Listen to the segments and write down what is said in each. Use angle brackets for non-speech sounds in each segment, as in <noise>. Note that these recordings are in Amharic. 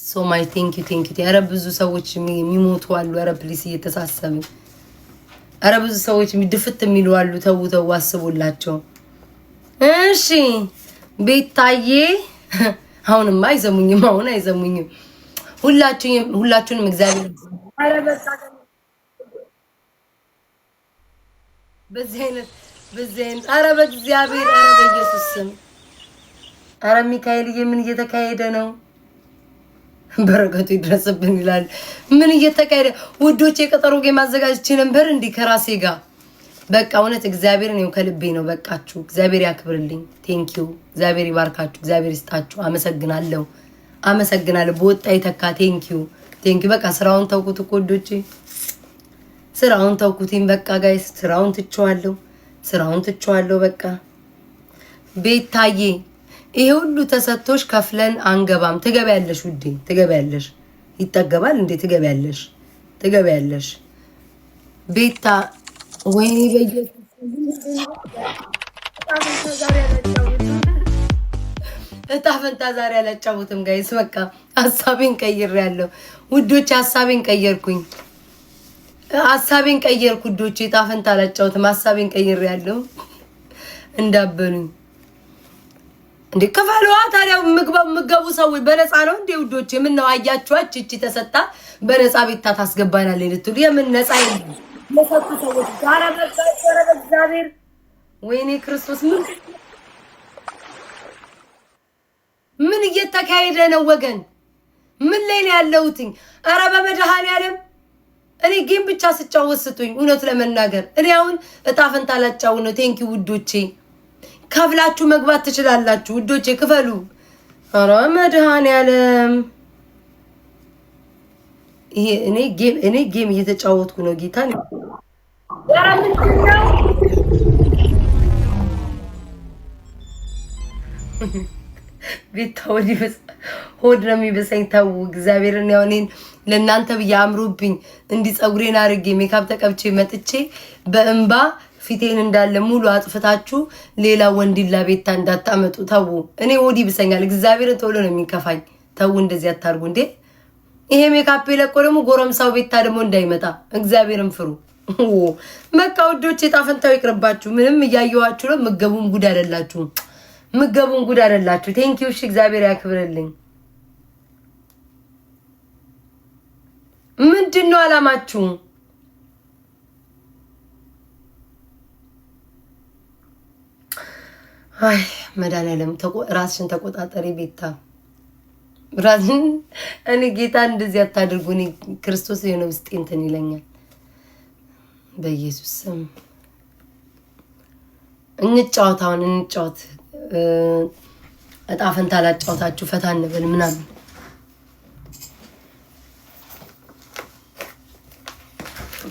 ሶ ማይ ቴንክ ዩ ቴንክ ዩ። ኧረ ብዙ ሰዎች የሚሞቱ አሉ። ኧረ ፕሊስ እየተሳሰብን። ኧረ ብዙ ሰዎች ድፍት የሚሉ አሉ። ተው ተው፣ አስቡላቸው። እሺ ቤታዬ፣ <laughs> አሁንማ አይሰሙኝም። አሁን አይሰሙኝም። ሁላችሁንም እግዚአብሔር በዚህ አይነት በዚህ አይነት ኧረ በእግዚአብሔር ኧረ በኢየሱስ ስም ኧረ ሚካኤልዬ ምን እየተካሄደ ነው? በረከቱ ይድረስብን ይላል። ምን እየተካሄደ ውዶች? የቀጠሮ ጌም አዘጋጅቼ ነበር እንዲህ ከራሴ ጋር በቃ እውነት እግዚአብሔር ይኸው ከልቤ ነው። በቃችሁ። እግዚአብሔር ያክብርልኝ። ቴንኪዩ። እግዚአብሔር ይባርካችሁ። እግዚአብሔር ይስጣችሁ። አመሰግናለሁ፣ አመሰግናለሁ። በወጣ ይተካ። ቴንኪዩ፣ ቴንኪዩ። በቃ ስራውን ተውኩት እኮ ወዶቼ፣ ስራውን ተውኩትኝ። በቃ ጋይስ ስራውን ትቼዋለሁ፣ ስራውን ትቼዋለሁ። በቃ ቤት ታዬ ይሄ ሁሉ ተሰጥቶሽ ከፍለን አንገባም። ትገቢያለሽ ውዴ፣ ትገቢያለሽ። ይጠገባል እንዴ? ትገቢያለሽ፣ ትገቢያለሽ። ቤታ ወይኔ በየ እጣ ፈንታ ዛሬ አላጫውትም። ጋይስ በቃ ሀሳቤን ቀይሬያለሁ ውዶች፣ ሀሳቤን ቀየርኩኝ። ሀሳቤን ቀየርኩ ውዶች። እጣ ፈንታ አላጫውትም። ሀሳቤን ቀይሬያለሁ እንዳበሉኝ እንዴ ከፈለዋ ታዲያ ምግባው የምገቡ ሰው በነፃ ነው እንዴ? ውዶች የምን ነው አያችኋች? እቺ ተሰጣ በነፃ ቤታ ታስገባናል ልትሉ የምን ነፃ የሰጡ ሰዎች ጋራ በእግዚአብሔር ወይኔ ክርስቶስ ምን ምን እየተካሄደ ነው ወገን? ምን ላይ ነው ያለሁትኝ? ኧረ በመድኃኔዓለም እኔ ጌም ብቻ ስጫወት ስጡኝ። እውነት ለመናገር እኔ አሁን እጣ ፈንታ ላጫው ነው። ቴንኪው ውዶቼ ከፍላችሁ መግባት ትችላላችሁ ውዶቼ፣ ክፈሉ። ኧረ መድኃኔዓለም ይሄ እኔ ጌም እኔ ጌም እየተጫወትኩ ነው። ጌታ ቤታ ወዲ ሆድ ነው የሚበሳኝ። ተው እግዚአብሔርን ያው እኔን ለእናንተ ብዬ አምሮብኝ እንዲህ ፀጉሬን አድርጌ ሜካፕ ተቀብቼ መጥቼ በእንባ ፊቴን እንዳለ ሙሉ አጥፍታችሁ ሌላ ወንዲላ ቤታ እንዳታመጡ ተዉ። እኔ ወዲ ብሰኛል እግዚአብሔርን ቶሎ ነው የሚከፋኝ ተዉ፣ እንደዚህ አታርጉ እንዴ! ይሄ ሜካፕ የለቆ ደግሞ ጎረምሳው ቤታ ደግሞ እንዳይመጣ እግዚአብሔርን ፍሩ። በቃ ውዶች የጣፈንታው ይቅርባችሁ። ምንም እያየዋችሁ ነው። ምገቡን ጉድ አይደላችሁ ምገቡን ጉድ አይደላችሁ። ቴንኪው። እሺ፣ እግዚአብሔር ያክብርልኝ። ምንድን ነው አላማችሁ? አይ መድኃኒዓለም ራስሽን ተቆጣጠሪ ቤታ ራስሽን። እኔ ጌታ እንደዚህ አታድርጉ። እኔ ክርስቶስ የሆነ ውስጤ እንትን ይለኛል። በኢየሱስ ስም እንጫወት፣ አሁን እንጫወት። እጣ ፈንታ ፈታ እንበል ምናምን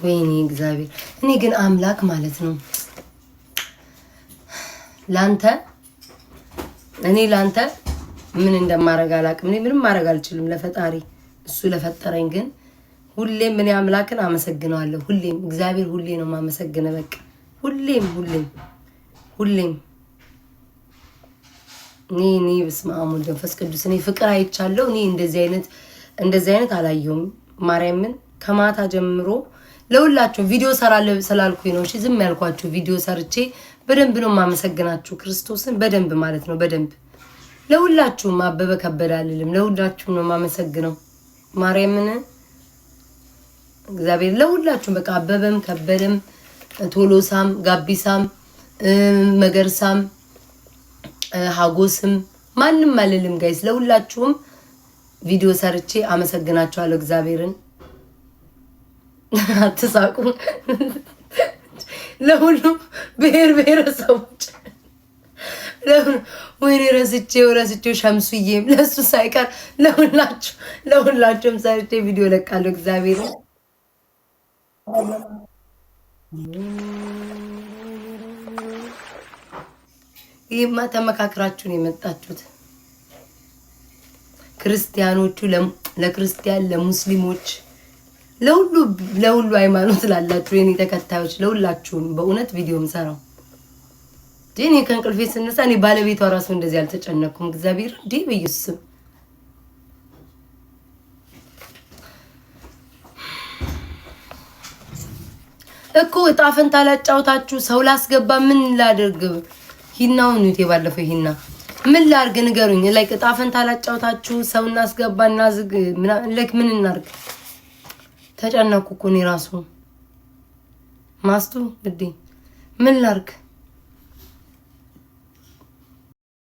ወይኔ እግዚአብሔር። እኔ ግን አምላክ ማለት ነው ላንተ እኔ ላንተ ምን እንደማረግ አላቅም። እኔ ምንም ማድረግ አልችልም ለፈጣሪ እሱ ለፈጠረኝ ግን ሁሌም እኔ አምላክን አመሰግነዋለሁ። ሁሌም እግዚአብሔር ሁሌ ነው ማመሰግነ በቃ ሁሌም ሁሌም ሁሌም እኔ እኔ በስመ አብ ወወልድ ወመንፈስ ቅዱስ እኔ ፍቅር አይቻለሁ። እኔ እንደዚህ አይነት እንደዚህ አይነት አላየሁም። ማርያምን ከማታ ጀምሮ ለሁላችሁ ቪዲዮ ሰራለ ስላልኩኝ ነው እሺ ዝም ያልኳችሁ ቪዲዮ ሰርቼ በደንብ ነው የማመሰግናችሁ ክርስቶስን በደንብ ማለት ነው በደንብ ለሁላችሁም አበበ ከበደ አልልም ለሁላችሁም ነው የማመሰግነው ማርያምን እግዚአብሔር ለሁላችሁም በቃ አበበም ከበደም ቶሎሳም ጋቢሳም መገርሳም ሀጎስም ማንም አልልም ጋይስ ለሁላችሁም ቪዲዮ ሰርቼ አመሰግናችኋለሁ እግዚአብሔርን አትሳቁ ለሁሉም ብሔር ብሔረሰቦች ወይኔ ረስቼው ረስቼው ሸምሱዬም ለሱ ሳይቀር ለሁላችሁ ለሁላችሁም ሰርቼ ቪዲዮ ለቃለሁ። እግዚአብሔር ይህማ ተመካክራችሁን የመጣችሁት ክርስቲያኖቹ ለክርስቲያን ለሙስሊሞች ለሁሉ ለሁሉ ሃይማኖት ላላችሁ የኔ ተከታዮች ለሁላችሁም በእውነት ቪዲዮ ምሰራው ዲኒ ከእንቅልፌ ስነሳ እኔ ባለቤቷ ራሱ እንደዚህ አልተጨነኩም። እግዚአብሔር ዲ በኢየሱስ እኮ ዕጣ ፈንታ ላጫውታችሁ ሰው ላስገባ ምን ላድርግ? ሂናውን ነው የባለፈው ሂና ምን ላርግ ንገሩኝ። ላይክ ዕጣ ፈንታ ላጫውታችሁ ሰው እናስገባ እናዝግ ምን ላይክ ምን እናድርግ? ተጨነኩ እኮ እኔ ራሱ ማስቱ ግዴ ምን ላርግ